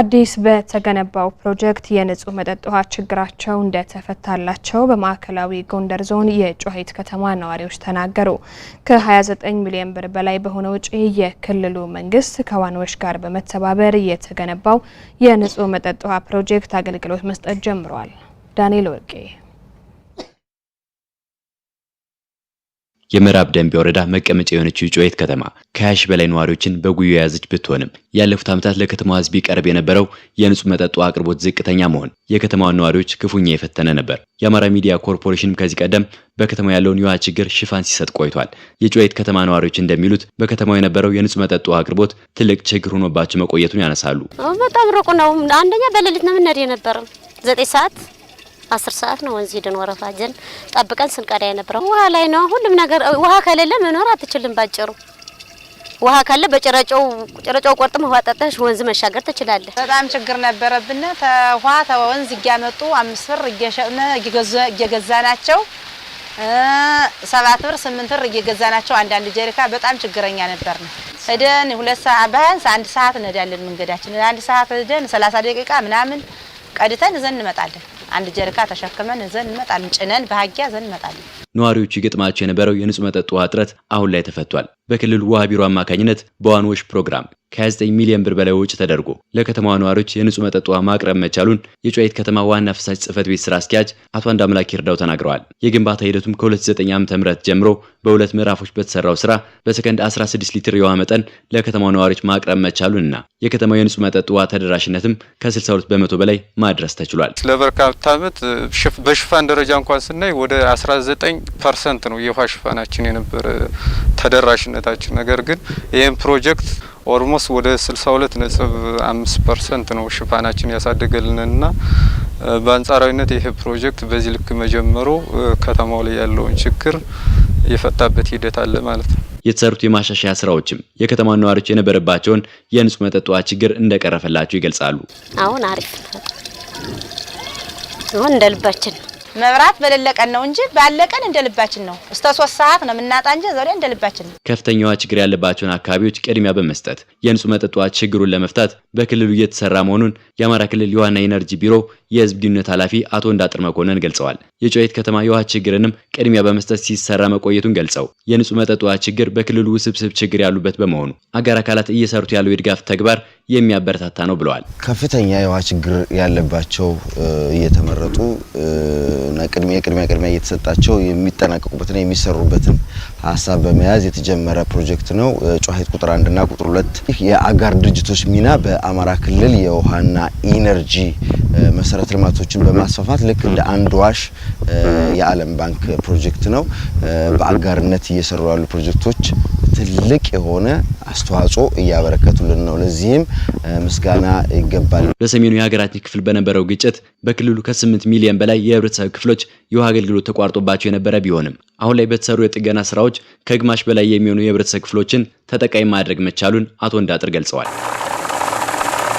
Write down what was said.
አዲስ በተገነባው ፕሮጀክት የንጹህ መጠጥ ውሃ ችግራቸው እንደተፈታላቸው በማዕከላዊ ጎንደር ዞን የጮሄት ከተማ ነዋሪዎች ተናገሩ። ከ29 ሚሊዮን ብር በላይ በሆነ ውጪ የክልሉ መንግስት ከዋናዎች ጋር በመተባበር የተገነባው የንጹህ መጠጥ ውሃ ፕሮጀክት አገልግሎት መስጠት ጀምሯል። ዳንኤል ወርቄ የምዕራብ ደንቢያ ወረዳ መቀመጫ የሆነችው ጩኸት ከተማ ከ በላይ ነዋሪዎችን በጉዮ የያዘች ብትሆንም ያለፉት ዓመታት ለከተማዋ ሕዝብ ቀርብ የነበረው የንጹህ መጠጡ አቅርቦት ዝቅተኛ መሆን የከተማዋን ነዋሪዎች ክፉኛ የፈተነ ነበር። የአማራ ሚዲያ ኮርፖሬሽንም ከዚህ ቀደም በከተማ ያለውን የውሃ ችግር ሽፋን ሲሰጥ ቆይቷል። የጩኸት ከተማ ነዋሪዎች እንደሚሉት በከተማው የነበረው የንጹህ መጠጡ አቅርቦት ትልቅ ችግር ሆኖባቸው መቆየቱን ያነሳሉ። በጣም ሩቅ ነው። አንደኛ በሌሊት ነው የምንሄድ የነበረው ዘጠኝ ሰዓት አስር ሰዓት ነው ወንዝ ሄደን ወረፋ ጀን ጠብቀን ስንቀዳ የነበረው ውሃ ላይ ነው። ሁሉም ነገር ውሃ ከሌለ መኖር አትችልም። ባጭሩ ውሃ ካለ በጨረጨው ጭረጨው ቆርጥም ውሃ ጠጣሽ ወንዝ መሻገር ትችላለህ። በጣም ችግር ነበረብን። ተውሃ ተወንዝ እያመጡ አምስት ብር እየሸጥነ እየገዛ ናቸው ሰባት ብር ስምንት ብር እየገዛ ናቸው። አንዳንድ ጀሪካ በጣም ችግረኛ ነበር ነው ሄደን ሁለት ሰዓት ቢያንስ አንድ ሰዓት እንሄዳለን። መንገዳችን አንድ ሰዓት ሄደን ሰላሳ ደቂቃ ምናምን ቀድተን ዘን እንመጣለን። አንድ ጀርካ ተሸክመን ዘን እንመጣለን። ጭነን በሀጊያ ዘን እንመጣለን። ነዋሪዎቹ ይገጥማቸው የነበረው የንጹህ መጠጥ ውሃ እጥረት አሁን ላይ ተፈቷል። በክልሉ ውሃ ቢሮ አማካኝነት በዋንዎች ፕሮግራም ከ29 ሚሊዮን ብር በላይ ወጪ ተደርጎ ለከተማዋ ነዋሪዎች የንጹህ መጠጥ ውሃ ማቅረብ መቻሉን የጨዋይት ከተማ ዋና ፍሳሽ ጽህፈት ቤት ስራ አስኪያጅ አቶ አንድ አምላክ ይርዳው ተናግረዋል። የግንባታ ሂደቱም ከ2009 ዓ.ም ጀምሮ በሁለት ምዕራፎች በተሰራው ስራ በሰከንድ 16 ሊትር የውሃ መጠን ለከተማዋ ነዋሪዎች ማቅረብ መቻሉንና የከተማው የንጹህ መጠጥ ውሃ ተደራሽነትም ከ62 በመቶ በላይ ማድረስ ተችሏል። ለበርካታ ዓመት በሽፋን ደረጃ እንኳን ስናይ ወደ 19 ፐርሰንት ነው የውሃ ሽፋናችን የነበረ ተደራሽነታችን። ነገር ግን ይህን ፕሮጀክት ኦልሞስት ወደ 62 ነጥብ አምስት ፐርሰንት ነው ሽፋናችን ያሳደገልንና በአንጻራዊነት ይህ ፕሮጀክት በዚህ ልክ መጀመሩ ከተማው ላይ ያለውን ችግር የፈታበት ሂደት አለ ማለት ነው። የተሰሩት የማሻሻያ ስራዎችም የከተማ ነዋሪዎች የነበረባቸውን የንጹህ መጠጥ ውሃ ችግር እንደቀረፈላቸው ይገልጻሉ። አሁን አሪፍ ነው። አሁን እንደ ልባችን ነው። መብራት በሌለቀን ነው እንጂ ባለቀን እንደ ልባችን ነው። እስከ ሶስት ሰዓት ነው የምናጣ እንጂ ዛሬ እንደ ልባችን ነው። ከፍተኛዋ ችግር ያለባቸውን አካባቢዎች ቅድሚያ በመስጠት የንጹህ መጠጧ ችግሩን ለመፍታት በክልሉ እየተሰራ መሆኑን የአማራ ክልል የውሃና ኢነርጂ ቢሮ የህዝብ ግንኙነት ኃላፊ አቶ እንዳጥር መኮንን ገልጸዋል። የጨዋይት ከተማ የውሃ ችግርንም ቅድሚያ በመስጠት ሲሰራ መቆየቱን ገልጸው የንጹህ መጠጧ ችግር በክልሉ ውስብስብ ችግር ያሉበት በመሆኑ አጋር አካላት እየሰሩት ያለው የድጋፍ ተግባር የሚያበረታታ ነው ብለዋል። ከፍተኛ የውሃ ችግር ያለባቸው እየተመረጡ እና ቅድሚያ ቅድሚያ ቅድሚያ እየተሰጣቸው የሚጠናቀቁበትና የሚሰሩበትን ሀሳብ በመያዝ የተጀመረ ፕሮጀክት ነው። ጨዋሂት ቁጥር አንድና ቁጥር ሁለት ይህ የአጋር ድርጅቶች ሚና በአማራ ክልል የውሃና ኢነርጂ መሰረተ ልማቶችን በማስፋፋት ልክ እንደ አንድ ዋሽ የዓለም ባንክ ፕሮጀክት ነው። በአጋርነት እየሰሩ ያሉ ፕሮጀክቶች ትልቅ የሆነ አስተዋጽኦ እያበረከቱልን ነው። ለዚህም ምስጋና ይገባል። በሰሜኑ የሀገራችን ክፍል በነበረው ግጭት በክልሉ ከ8 ሚሊዮን በላይ የህብረተሰብ ክፍሎች የውሃ አገልግሎት ተቋርጦባቸው የነበረ ቢሆንም አሁን ላይ በተሰሩ የጥገና ስራዎች ከግማሽ በላይ የሚሆኑ የህብረተሰብ ክፍሎችን ተጠቃሚ ማድረግ መቻሉን አቶ እንዳጥር ገልጸዋል።